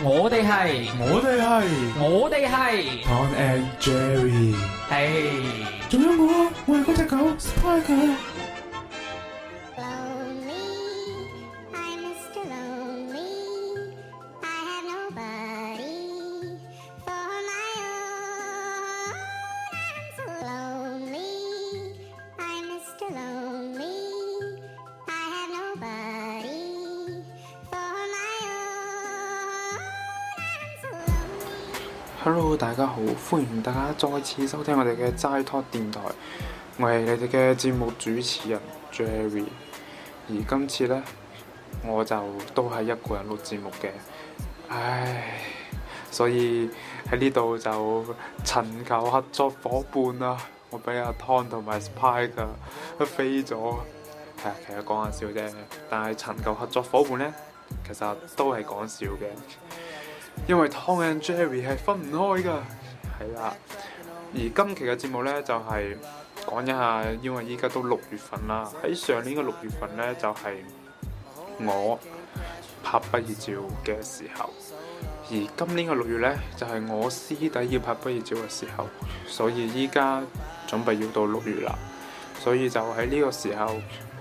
我哋係，我哋係，我哋係。Tom and Jerry 係是，仲有我，我係嗰隻狗，Spike。hello，大家好，歡迎大家再次收聽我哋嘅齋 talk 電台，我係你哋嘅節目主持人 Jerry，而今次呢，我就都係一個人錄節目嘅，唉，所以喺呢度就尋求合作伙伴啦，我俾阿 Tom 同埋 Spy 噶、啊、都飛咗，係、哎、啊，其實講下笑啫，但係尋求合作伙伴呢，其實都係講笑嘅。因為 Tom and Jerry 係分唔開噶，係啦。而今期嘅節目呢，就係、是、講一下，因為依家都六月份啦。喺上年嘅六月份呢，就係、是、我拍畢業照嘅時候；而今年嘅六月呢，就係、是、我師弟要拍畢業照嘅時候。所以依家準備要到六月啦，所以就喺呢個時候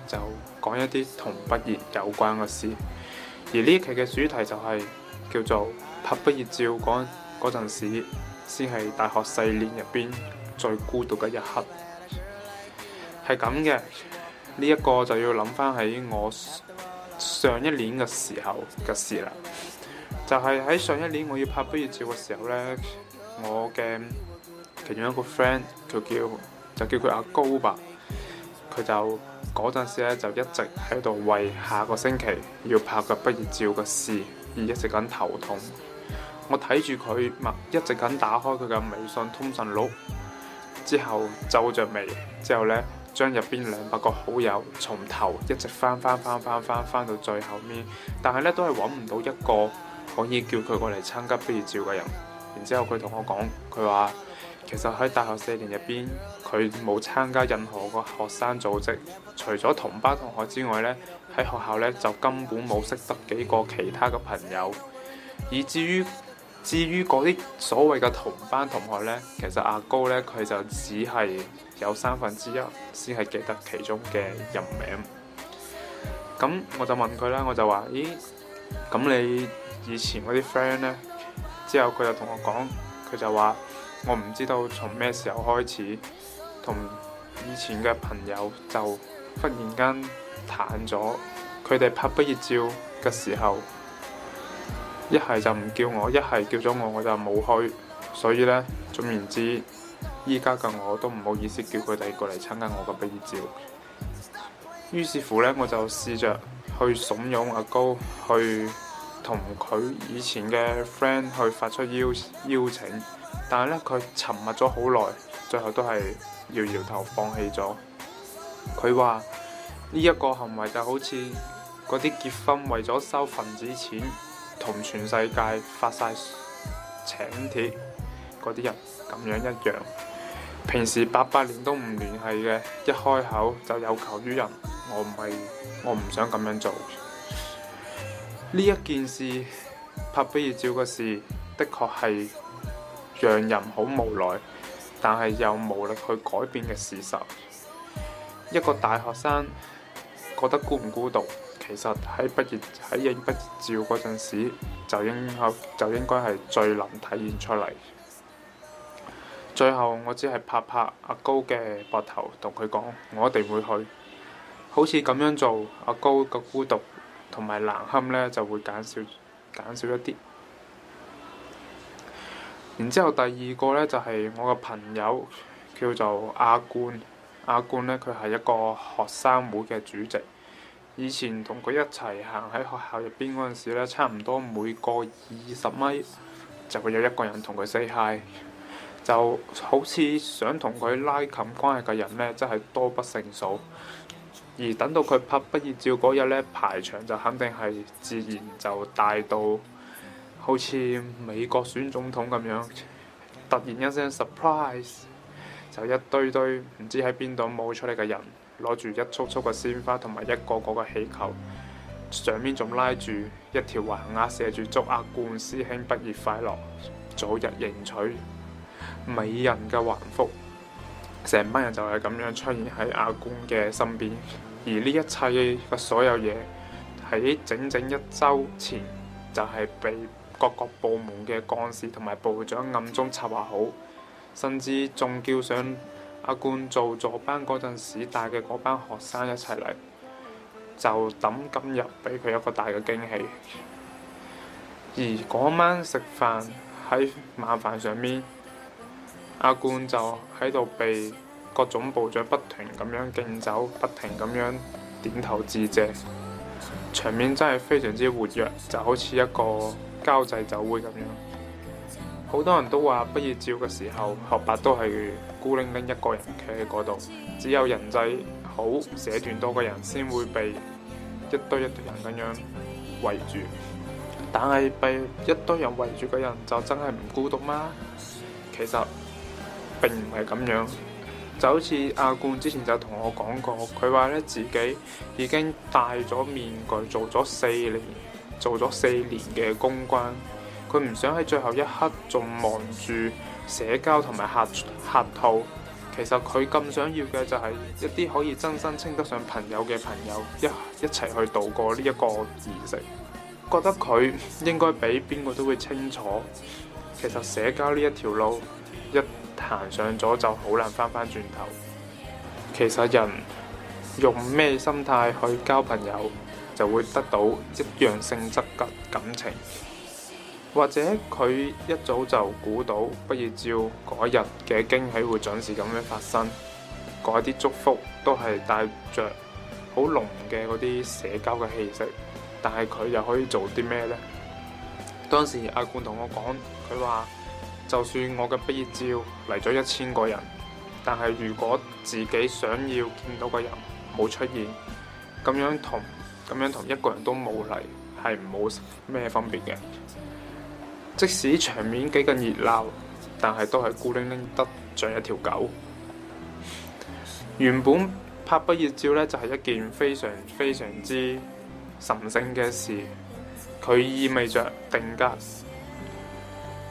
就講一啲同畢業有關嘅事。而呢期嘅主題就係、是、叫做，拍畢業照嗰嗰陣時，先係大學四年入邊最孤獨嘅一刻。係咁嘅，呢一個就要諗翻起我上一年嘅時候嘅事啦。就係、是、喺上一年我要拍畢業照嘅時候呢，我嘅其中一個 friend，佢叫就叫佢阿高吧。佢就嗰陣時咧就一直喺度為下個星期要拍嘅畢業照嘅事而一直咁頭痛。我睇住佢，咪一直咁打開佢嘅微信通訊錄，之後皺着眉，之後呢，將入邊兩百個好友從頭一直翻翻翻翻翻翻到最後面，但係呢，都係揾唔到一個可以叫佢過嚟參加畢業照嘅人。然之後佢同我講，佢話其實喺大學四年入邊，佢冇參加任何個學生組織，除咗同班同學之外呢，喺學校呢，就根本冇識得幾個其他嘅朋友，以至於。至於嗰啲所謂嘅同班同學呢，其實阿高呢，佢就只係有三分之一先係記得其中嘅人名。咁我就問佢啦，我就話：「咦，咁你以前嗰啲 friend 呢？」之後佢就同我講，佢就話：我唔知道從咩時候開始，同以前嘅朋友就忽然間淡咗。佢哋拍畢業照嘅時候，一係就唔叫我，一係叫咗我，我就冇去。所以呢，總言之，依家嘅我都唔好意思叫佢哋過嚟參加我嘅畢業照。於是乎呢，我就試着去慫恿阿高去同佢以前嘅 friend 去發出邀邀請，但係呢，佢沉默咗好耐，最後都係搖搖頭放棄咗。佢話呢一個行為就好似嗰啲結婚為咗收份子錢。同全世界發晒請帖嗰啲人咁樣一樣，平時八百年都唔聯繫嘅，一開口就有求於人，我唔係，我唔想咁樣做。呢一件事拍畢業照嘅事，的確係讓人好無奈，但係又無力去改變嘅事實。一個大學生覺得孤唔孤獨？其實喺畢業喺影畢業照嗰陣時，就應就應該係最能體現出嚟。最後，我只係拍拍阿高嘅膊頭，同佢講：我一定會去。好似咁樣做，阿高嘅孤獨同埋難堪呢，就會減少減少一啲。然之後第二個呢，就係我個朋友叫做阿冠。阿冠呢，佢係一個學生會嘅主席。以前同佢一齊行喺學校入邊嗰陣時呢，差唔多每個二十米就會有一個人同佢 say hi，就好似想同佢拉近關係嘅人呢，真係多不勝數。而等到佢拍畢業照嗰日呢，排場就肯定係自然就大到好似美國選總統咁樣，突然一聲 surprise，就一堆堆唔知喺邊度冒出嚟嘅人。攞住一束束嘅鮮花同埋一個個嘅氣球，上面仲拉住一條橫額，寫住祝阿冠師兄畢業快樂，早日迎娶美人嘅橫幅。成班人就係咁樣出現喺阿冠嘅身邊，而呢一切嘅所有嘢喺整整一周前就係、是、被各個部門嘅幹事同埋部長暗中策劃好，甚至仲叫上，阿冠做助班嗰陣時，帶嘅嗰班學生一齊嚟，就等今日俾佢一個大嘅驚喜。而嗰晚食飯喺晚飯上面，阿冠就喺度被各種部長不停咁樣敬酒，不停咁樣點頭致謝，場面真係非常之活躍，就好似一個交際酒會咁樣。好多人都話畢業照嘅時候，學霸都係孤零零一個人企喺嗰度，只有人際好社團多嘅人先會被一堆一堆人咁樣圍住。但係被一堆人圍住嘅人就真係唔孤獨嗎？其實並唔係咁樣。就好似阿冠之前就同我講過，佢話呢自己已經戴咗面具做咗四年，做咗四年嘅公關。佢唔想喺最後一刻仲望住社交同埋客客套，其實佢咁想要嘅就係一啲可以真心稱得上朋友嘅朋友，一一齊去度過呢一個儀式。覺得佢應該比邊個都會清楚，其實社交呢一條路一行上咗就好難翻返轉頭。其實人用咩心態去交朋友，就會得到一樣性質嘅感情。或者佢一早就估到畢業照嗰日嘅驚喜會準時咁樣發生，嗰啲祝福都係帶着好濃嘅嗰啲社交嘅氣息。但係佢又可以做啲咩咧？當時阿冠同我講，佢話就算我嘅畢業照嚟咗一千個人，但係如果自己想要見到個人冇出現，咁樣同咁樣同一個人都冇嚟，係冇咩分別嘅。即使場面幾咁熱鬧，但係都係孤零零得像一條狗。 原本拍畢業照呢，就係、是、一件非常非常之神聖嘅事，佢意味著定格，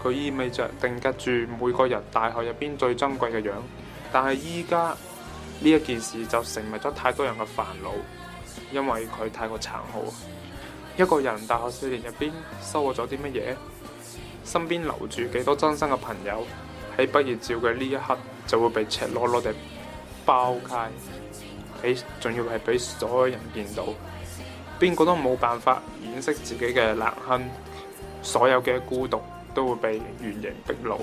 佢意味著定格住每個人大學入邊最珍貴嘅樣。但係依家呢一件事就成為咗太多人嘅煩惱，因為佢太過殘酷。一個人大學四年入邊收穫咗啲乜嘢？身邊留住幾多真心嘅朋友，喺畢業照嘅呢一刻就會被赤裸裸地爆開，比仲要係俾所有人見到，邊個都冇辦法掩飾自己嘅難堪，所有嘅孤獨都會被原形畢露。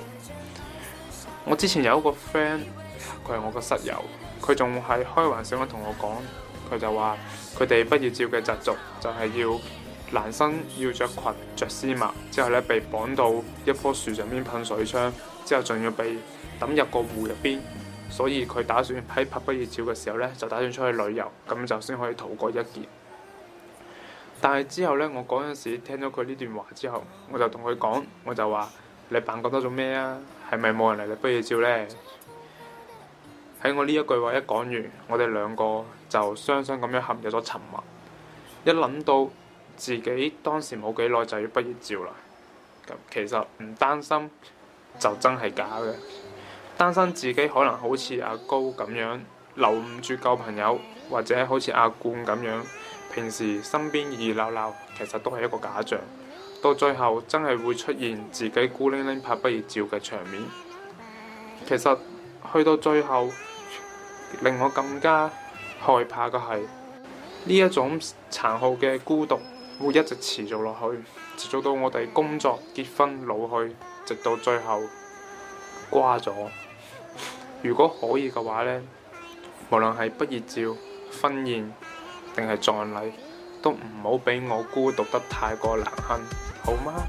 我之前有一個 friend，佢係我個室友，佢仲係開玩笑咁同我講，佢就話佢哋畢業照嘅習俗就係要。男生要着裙着絲襪，之後呢，被綁到一棵樹上面噴水槍，之後仲要被抌入個湖入邊，所以佢打算喺拍畢業照嘅時候呢，就打算出去旅遊，咁就先可以逃過一劫。但係之後呢，我嗰陣時聽咗佢呢段話之後，我就同佢講，我就話你扮咁多做咩啊？係咪冇人嚟睇你畢業照呢？喺我呢一句話一講完，我哋兩個就雙雙咁樣陷入咗沉默。一諗到。自己當時冇幾耐就要畢業照啦，其實唔擔心就真係假嘅，擔心自己可能好似阿高咁樣留唔住舊朋友，或者好似阿冠咁樣平時身邊熱鬧鬧，其實都係一個假象，到最後真係會出現自己孤零零拍畢業照嘅場面。其實去到最後，令我更加害怕嘅係呢一種殘酷嘅孤獨。會一直持續落去，持續到我哋工作、結婚、老去，直到最後瓜咗。 如果可以嘅話呢，無論係畢業照、婚宴定係葬禮，都唔好俾我孤獨得太過難堪，好嗎？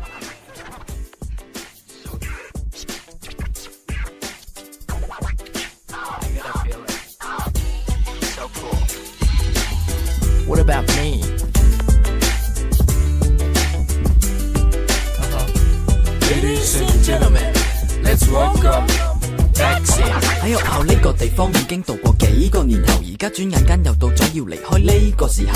已經度過幾個年頭，而家轉眼間又到咗要離開呢個時候。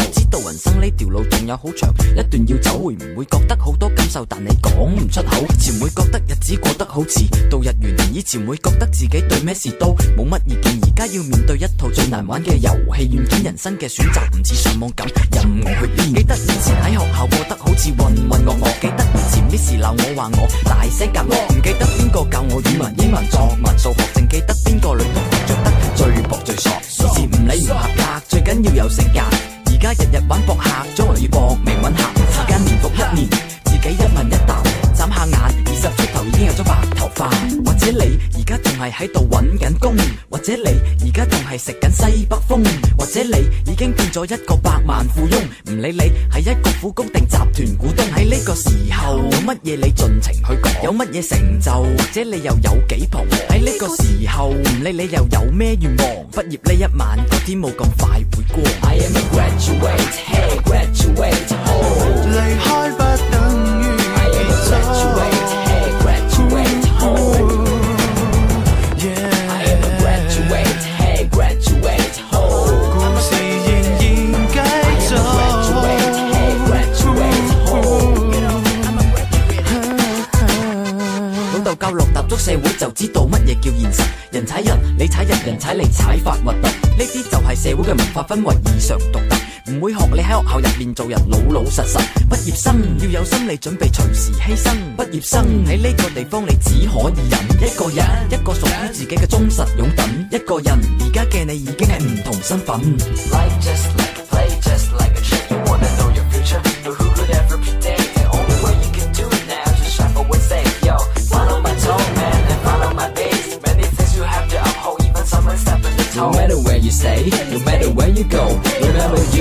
人生呢條路仲有好長，一段要走會唔會覺得好多感受？但你講唔出口，前會覺得日子過得好似度日如年，以前會覺得自己對咩事都冇乜意見，而家要面對一套最難玩嘅遊戲軟件，人生嘅選擇唔似上網咁任我去編。記得以前喺學校過得好似混混噩噩，我我記得以前咩事鬧我話我大聲咁，唔記得邊個教我語文、英文、作文、數學，淨記得邊個女同學着得最薄最傻，事事唔理唔合格，最緊要有性格。日日搵博客，將來要搏命搵客。時間年復一年，自己一問一答，眨下眼，二十出頭已經有咗白頭髮。或者你而家仲係喺度搵緊工，或者你而家仲係食緊西北風。你已經變咗一個百萬富翁，唔理你係一個苦工定集團股東，喺呢個時候，乜嘢你盡情去講，有乜嘢成就，即你又有幾狂？喺呢個時候，唔理你又有咩願望，畢業呢一晚，個天冇咁快會光。社會就知道乜嘢叫現實，人踩人，你踩人，人踩你，踩法核突。呢啲就係社會嘅文化氛圍異常獨特，唔會學你喺學校入面做人老老實實。畢業生要有心理準備，隨時犧牲。畢業生喺呢個地方，你只可以忍一個人，一個屬於自己嘅忠實擁躉。一個人，而家嘅你已經係唔同身份。Like just like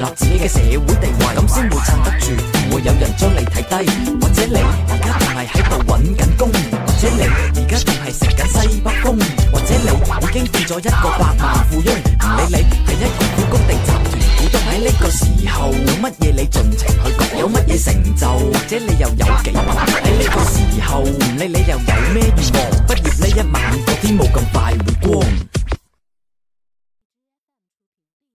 立自己嘅社會地位，咁先會撐得住，唔會有人將你睇低。或者你而家仲係喺度揾緊工，或者你而家仲係食緊西北風，或者你，你已經變咗一個百萬富翁。唔理你係一個苦工定集團股東，喺呢個時候，有乜嘢你盡情去講，有乜嘢成就，或者你又有幾萬，喺呢個時候，唔理你又有咩願望，畢業呢一晚個天冇咁快。